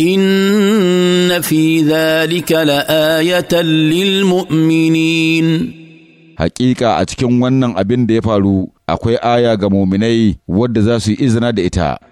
ان في ذلك لايه للمؤمنين Haƙiƙa a cikin wannan abin da ya faru akwai aya ga muminai wadda za su yi izina da ita